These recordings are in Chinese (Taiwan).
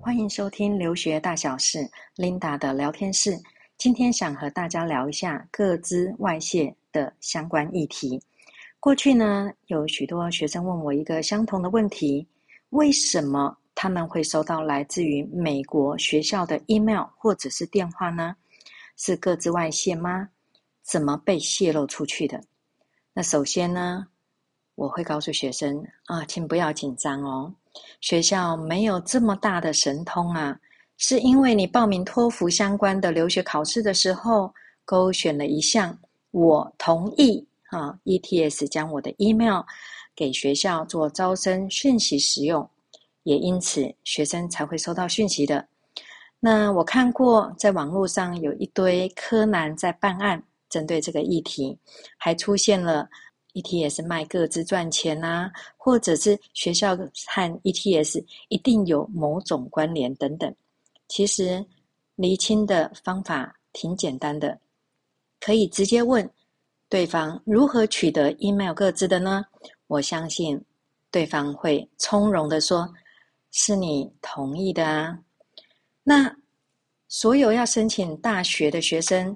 歡迎收聽留學大小事，Linda 的聊天室。今天想和大家聊一下個資外洩的相關議題。過去呢，有許多學生問我一個相同的問題：為什麼？他們會收到來自於美國學校的 email 或者是電話呢？是個資外洩嗎？怎麼被泄露出去的？那首先呢，我會告訴學生啊，請不要緊張哦。學校沒有這麼大的神通啊，是因為你報名托福相關的留學考試的時候，勾選了一項“我同意啊，ETS 將我的 email 給學校做招生訊息使用”。也因此，學生才會收到訊息的。那我看過，在網絡上有一堆柯南在辦案，針對這個議題，還出現了 ETS 賣個資賺錢啊，或者是學校和 ETS 一定有某種關聯等等。其實釐清的方法挺簡單的，可以直接問對方如何取得 email 個資的呢？我相信對方會從容的說。是你同意的啊！那所有要申請大學的學生，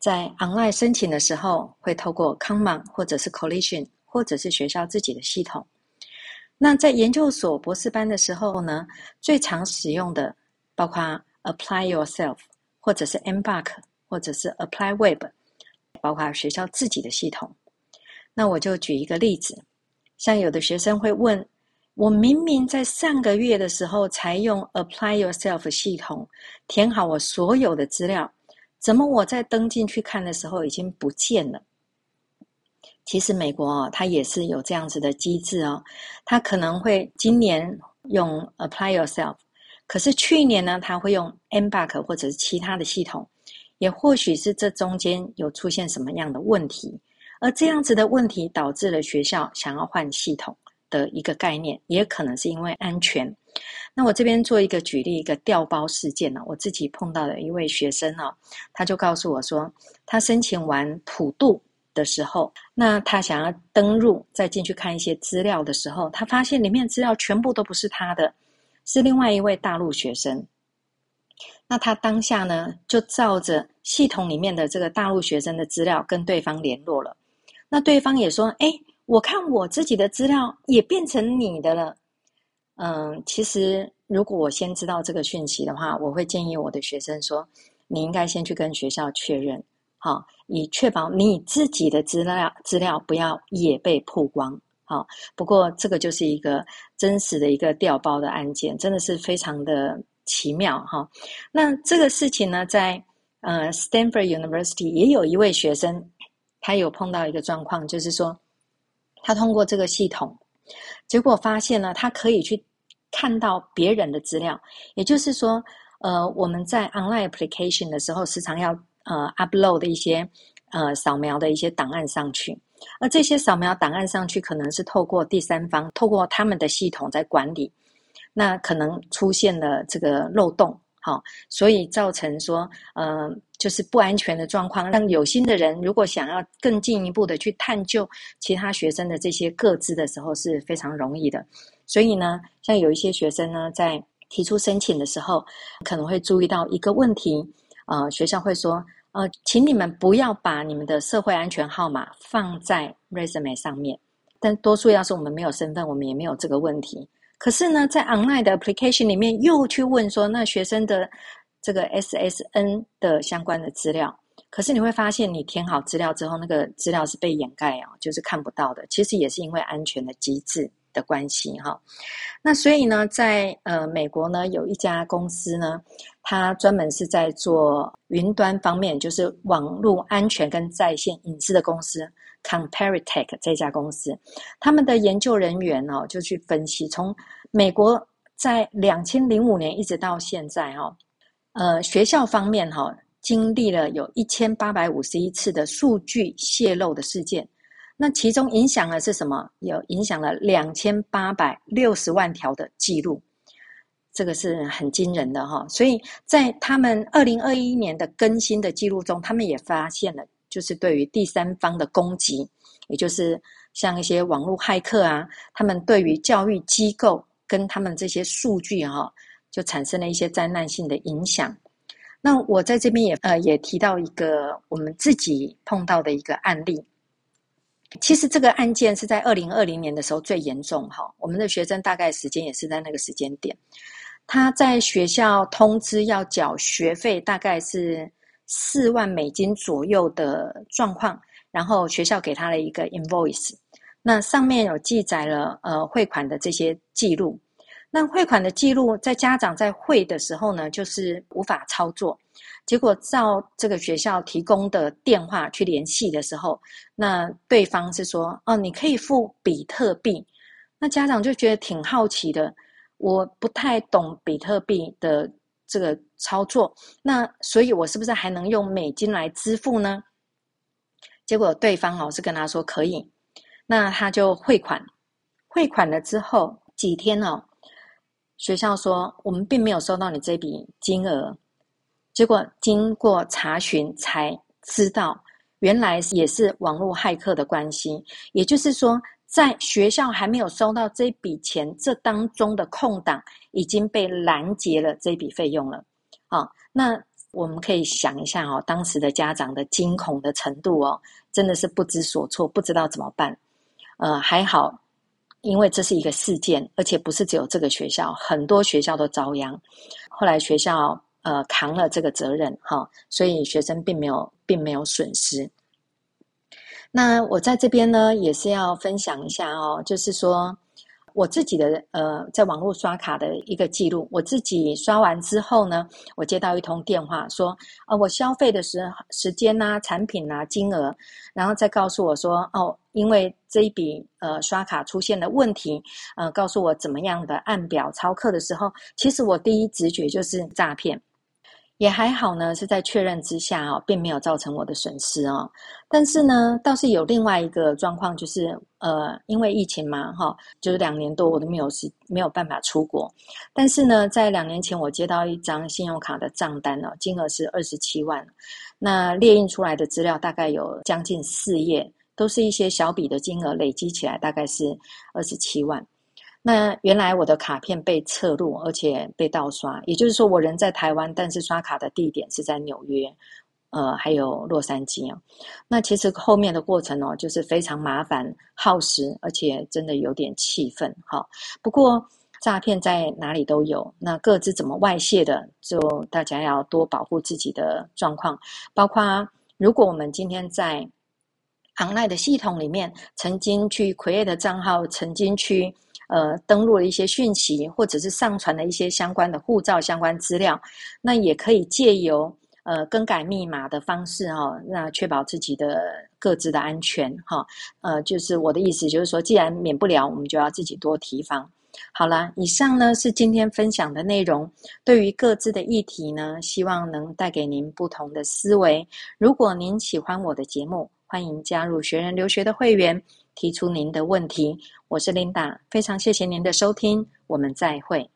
在 online 申請的時候，會透過 Common 或者是 Coalition 或者是學校自己的系統。那在研究所博士班的時候呢，最常使用的包括 Apply Yourself，或者是 Embark，或者是 ApplyWeb，包括學校自己的系統。那我就舉一個例子，像有的學生會問。我明明在上個月的時候才用 Apply Yourself 系統填好我所有的資料，怎麼我再登進去看的時候已經不見了？其實美國哦，它也是有這樣子的機制哦，它可能會今年用 Apply Yourself，可是去年呢，它會用 Embark 或者是其他的系統，也或許是這中間有出現什麼樣的問題，而這樣子的問題導致了學校想要換系統。的一個概念，也可能是因為安全。那我這邊做一個舉例，一個掉包事件呢、啊。我自己碰到的一位學生呢、啊，他就告訴我說，他申請完普渡的時候，那他想要登入再進去看一些資料的時候，他發現裡面資料全部都不是他的，是另外一位大陸學生。那他當下呢，就照着系統裡面的這個大陸學生的資料跟對方聯絡了。那對方也說，誒。我看我自己的資料也變成你的了，嗯，其實如果我先知道這個訊息的話，我會建議我的學生說，你應該先去跟學校確認，好，以確保你自己的資料資料不要也被曝光。好，不過這個就是一個真實的一個調包的案件，真的是非常的奇妙哈。那這個事情呢，在呃，Stanford University 也有一位學生，他有碰到一個狀況，就是說。他通過這個系統，結果發現呢，他可以去看到別人的資料，也就是說，呃，我們在 online application 的時候，時常要呃 upload 的一些呃掃描的一些檔案上去，而這些掃描檔案上去，可能是透過第三方，透過他們的系統在管理，那可能出現了這個漏洞，好，所以造成說呃。就是不安全的狀況，讓有心的人如果想要更進一步的去探究其他學生的這些個資的時候是非常容易的。所以呢，像有一些學生呢，在提出申請的時候，可能會注意到一個問題，啊、呃，學校會說，啊、呃，請你們不要把你們的社會安全號碼放在 resume 上面。但多數要是我們沒有身份，我們也沒有這個問題。可是呢，在 online 的 application 裡面又去問說，那學生的。這個 SSN 的相關的資料，可是你會發現，你填好資料之後，那個資料是被掩蓋啊、哦，就是看不到的。其實也是因為安全的機制的關係哈、哦。那所以呢，在呃美國呢，有一家公司呢，它專門是在做雲端方面，就是網絡安全跟在線隱私的公司，Comparitech 這家公司，他們的研究人員哦，就去分析從美國在兩千零五年一直到現在、哦呃，學校方面齁，經歷了有一千八百五十一次的數據洩露的事件，那其中影響了是什麼？有影響了兩千八百六十萬條的記錄，這個是很驚人的齁。所以在他們二零二一年的更新的記錄中，他們也發現了，就是對於第三方的攻擊，也就是像一些網絡駭客啊，他們對於教育機構跟他們這些數據齁。就產生了一些災難性的影響。那我在這邊也呃也提到一個我們自己碰到的一個案例。其實這個案件是在二零二零年的時候最嚴重哈。我們的學生大概時間也是在那個時間點，他在學校通知要繳學費大概是四萬美金左右的狀況，然後學校給他了一個 invoice，那上面有記載了呃匯款的這些記錄。那匯款的記錄在家長在匯的時候呢，就是無法操作。結果照這個學校提供的電話去聯繫的時候，那對方是說：“哦，你可以付比特幣。”那家長就覺得挺好奇的，我不太懂比特幣的這個操作，那所以我是不是還能用美金來支付呢？結果對方老是跟他說可以，那他就匯款。匯款了之後幾天哦。學校說，我們並沒有收到你這筆金額。結果經過查詢才知道，原來也是網絡駭客的關係。也就是說，在學校還沒有收到這筆錢，這當中的空檔已經被攔截了這筆費用了。啊，那我們可以想一下哦，當時的家長的驚恐的程度哦，真的是不知所措，不知道怎麼辦。呃，還好。因為這是一個事件，而且不是只有這個學校，很多學校都遭殃。後來學校呃扛了這個責任哈，所以學生並沒有並沒有損失。那我在這邊呢，也是要分享一下哦，就是說。我自己的呃，在網絡刷卡的一個記錄，我自己刷完之後呢，我接到一通電話說，呃，我消費的時時間吶、啊、產品吶、啊、金額，然後再告訴我說，哦，因為這一筆呃刷卡出現了問題，呃，告訴我怎麼樣的按表操課的時候，其實我第一直覺就是詐騙。也還好呢，是在確認之下哦，並沒有造成我的損失哦。但是呢，倒是有另外一個狀況，就是呃，因為疫情嘛，哈，哦，就是兩年多我都沒有是沒有辦法出國。但是呢，在兩年前我接到一張信用卡的賬單哦，金額是二十七萬。那列印出來的資料大概有將近四頁，都是一些小筆的金額累積起來，大概是二十七萬。那原來我的卡片被側錄，而且被盜刷，也就是說我人在台灣，但是刷卡的地點是在紐約，呃，還有洛杉磯。哦，那其實後面的過程哦，就是非常麻煩、耗時，而且真的有點氣憤。不過詐騙在哪裡都有，那個資怎麼外洩的，就大家要多保護自己的狀況。包括如果我們今天在 Online 的系統裡面，曾經去 create 賬號，曾經去。呃，登錄了一些訊息，或者是上傳了一些相關的護照相關資料，那也可以借由呃更改密碼的方式哈、哦，那確保自己的個資的安全哈、哦。呃，就是我的意思，就是說，既然免不了，我們就要自己多提防。好啦，以上呢是今天分享的內容。對於個資的議題呢，希望能帶給您不同的思維。如果您喜歡我的節目，歡迎加入學人留學的會員，提出您的問題。我是 Linda，非常謝謝您的收聽，我們再會。